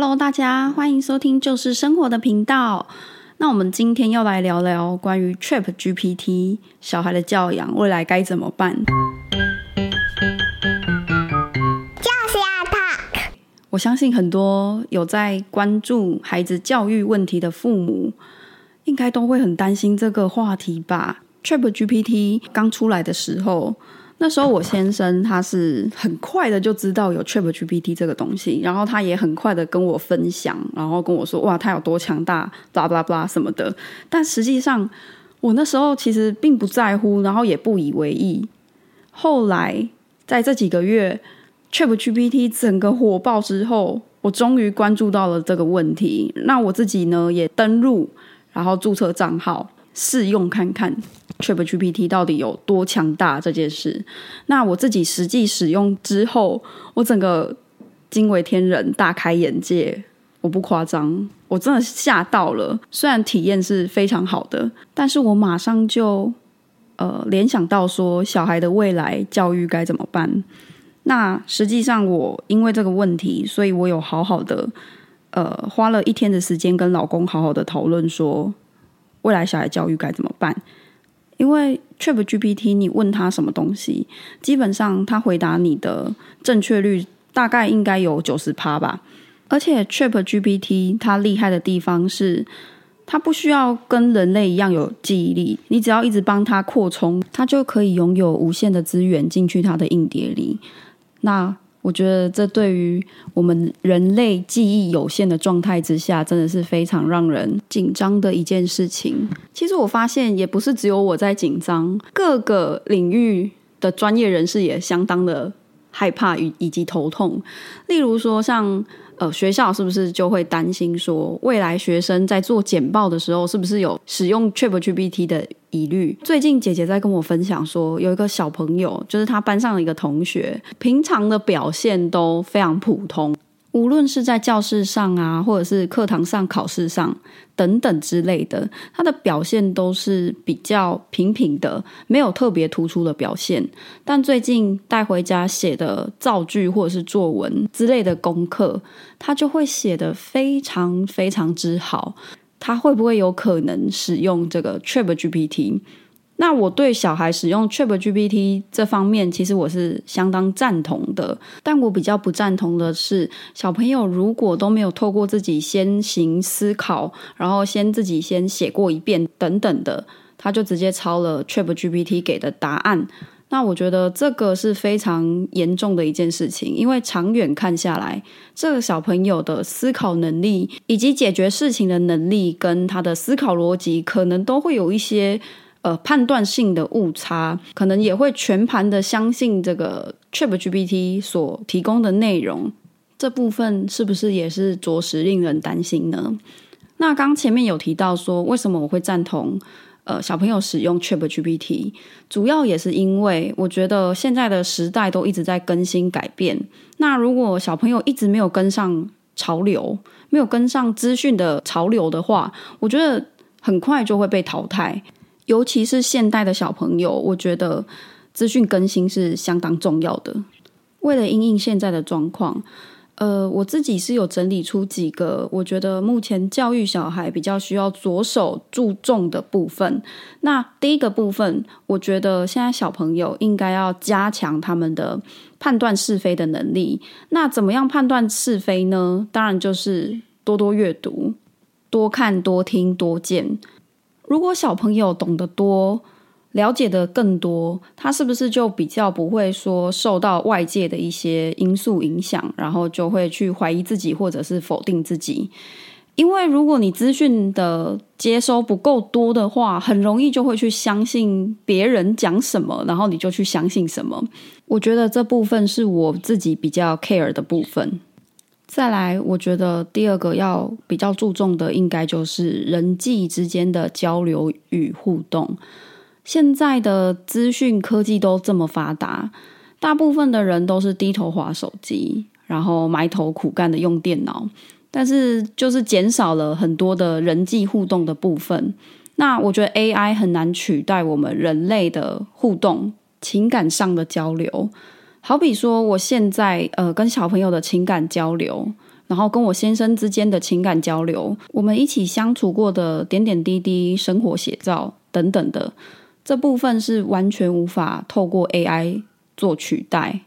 Hello，大家歡迎收聽《就是生活》的頻道。那我們今天要來聊聊關於 ChatGPT、小孩的教養、未來該怎麼辦。就是要 Talk。我相信很多有在關注孩子教育問題的父母，應該都會很擔心這個話題吧。ChatGPT 剛出來的時候。那時候我先生他是很快的就知道有 ChatGPT 這個東西，然後他也很快的跟我分享，然後跟我說哇，他有多強大，巴拉巴拉巴拉什麼的。但實際上我那時候其實並不在乎，然後也不以為意。後來在這幾個月 ChatGPT 整個火爆之後，我終於關注到了這個問題。那我自己呢也登入，然後註冊賬號試用看看。ChatGPT 到底有多強大這件事。那我自己實際使用之後，我整個驚為天人，大開眼界。我不誇張，我真的嚇到了。雖然體驗是非常好的，但是我馬上就呃聯想到說，小孩的未來教育該怎麼辦？那實際上，我因為這個問題，所以我有好好的呃花了一天的時間跟老公好好的討論，說未來小孩教育該怎麼辦。因為 ChatGPT，你問他什麼東西，基本上他回答你的正確率大概應該有九十趴吧。而且 ChatGPT 它厲害的地方是，它不需要跟人類一樣有記憶力，你只要一直幫他擴充，他就可以擁有無限的資源進去他的硬碟裡。那我覺得，這對於我們人類記憶有限的狀態之下，真的是非常讓人緊張的一件事情。其實我發現，也不是只有我在緊張，各個領域的專業人士也相當的害怕與以及頭痛。例如說，像。呃，學校是不是就會擔心說，未來學生在做簡報的時候，是不是有使用 ChatGPT 的疑慮？最近姐姐在跟我分享說，有一個小朋友，就是他班上的一個同學，平常的表現都非常普通。無論是在教室上啊，或者是課堂上、考試上等等之類的，他的表現都是比較平平的，沒有特別突出的表現。但最近帶回家寫的造句或者是作文之類的功課，他就會寫得非常非常之好。他會不會有可能使用這個 ChatGPT？那我對小孩使用 ChatGPT 這方面，其實我是相當贊同的。但我比較不贊同的是，小朋友如果都沒有透過自己先行思考，然後先自己先寫過一遍等等的，他就直接抄了 ChatGPT 給的答案。那我覺得這個是非常嚴重的一件事情，因為長遠看下來，這個小朋友的思考能力以及解決事情的能力跟他的思考邏輯，可能都會有一些。呃，判斷性的誤差，可能也會全盤的相信這個 ChatGPT 所提供的內容，這部分是不是也是着實令人擔心呢？那剛前面有提到說，為什麼我會贊同呃小朋友使用 ChatGPT，主要也是因為我覺得現在的時代都一直在更新改變，那如果小朋友一直沒有跟上潮流，沒有跟上資訊的潮流的話，我覺得很快就會被淘汰。尤其是現代的小朋友，我覺得資訊更新是相當重要的。為了因應現在的狀況，呃，我自己是有整理出幾個我覺得目前教育小孩比較需要着手注重的部分。那第一個部分，我覺得現在小朋友應該要加強他們的判斷是非的能力。那怎麼樣判斷是非呢？當然就是多多閱讀、多看、多聽、多見。如果小朋友懂得多，了解的更多，他是不是就比較不會說受到外界的一些因素影響，然後就會去懷疑自己或者是否定自己？因為如果你資訊的接收不夠多的話，很容易就會去相信別人講什麼，然後你就去相信什麼。我覺得這部分是我自己比較 care 的部分。再來，我覺得第二個要比較注重的，應該就是人際之間的交流與互動。現在的資訊科技都這麼發達，大部分的人都是低頭滑手機，然後埋頭苦幹的用電腦，但是就是減少了很多的人際互動的部分。那我覺得 AI 很難取代我們人類的互動、情感上的交流。好比說，我現在呃跟小朋友的情感交流，然後跟我先生之間的情感交流，我們一起相處過的點點滴滴、生活寫照等等的這部分是完全無法透過 AI 做取代。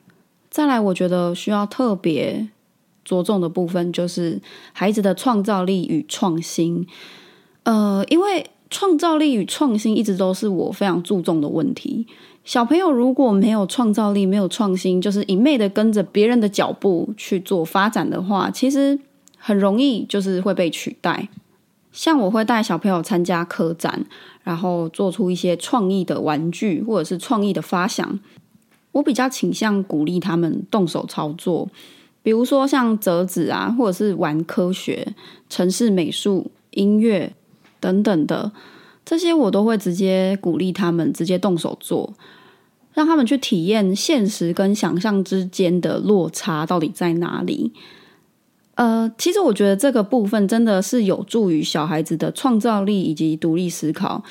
再來，我覺得需要特別着重的部分就是孩子的創造力與創新。呃，因為創造力與創新一直都是我非常注重的問題。小朋友如果沒有創造力、沒有創新，就是一昧的跟着別人的腳步去做發展的話，其實很容易就是會被取代。像我會帶小朋友參加科展，然後做出一些創意的玩具或者是創意的發想。我比較傾向鼓勵他們動手操作，比如說像折紙啊，或者是玩科學、城市美術、音樂等等的。這些我都會直接鼓勵他們直接動手做，讓他們去體驗現實跟想象之間的落差到底在哪裡。呃，其實我覺得這個部分真的是有助於小孩子的創造力以及獨立思考。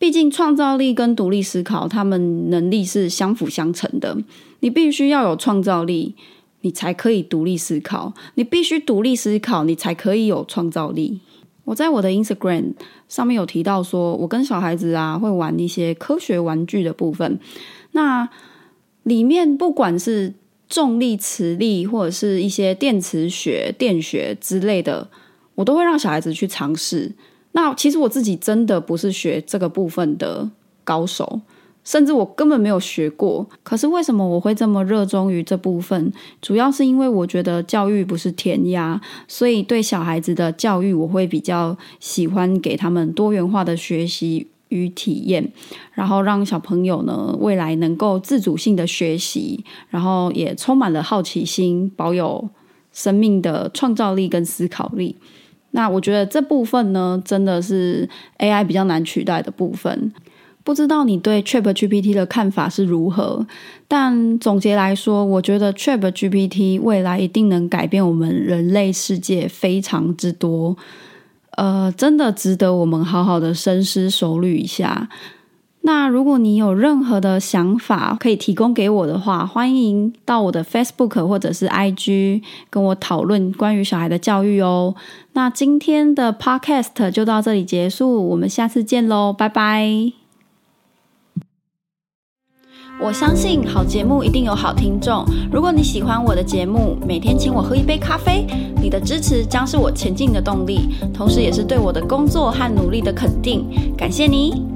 畢竟創造力跟獨立思考，他們能力是相輔相成的。你必須要有創造力，你才可以獨立思考；你必須獨立思考，你才可以有創造力。我在我的 Instagram 上面有提到說，我跟小孩子啊會玩一些科學玩具的部分。那裡面不管是重力、磁力，或者是一些電磁學、電學之類的，我都會讓小孩子去嘗試。那其實我自己真的不是學這個部分的高手。甚至我根本沒有學過，可是為什麼我會這麼熱衷於這部分？主要是因為我覺得教育不是填鴨，所以對小孩子的教育，我會比較喜歡給他們多元化的學習與體驗，然後讓小朋友呢未來能夠自主性的學習，然後也充滿了好奇心，保有生命的創造力跟思考力。那我覺得這部分呢，真的是 AI 比較難取代的部分。不知道你對 ChatGPT 的看法是如何？但總結來說，我覺得 ChatGPT 未來一定能改變我們人類世界非常之多，呃，真的值得我們好好的深思熟慮一下。那如果你有任何的想法可以提供給我的話，歡迎到我的 Facebook 或者是 IG 跟我討論關於小孩的教育哦。那今天的 Podcast 就到這裡結束，我們下次見嘍，拜拜。我相信好節目一定有好聽眾。如果你喜歡我的節目，每天請我喝一杯咖啡，你的支持將是我前進的動力，同時也是對我的工作和努力的肯定。感謝你。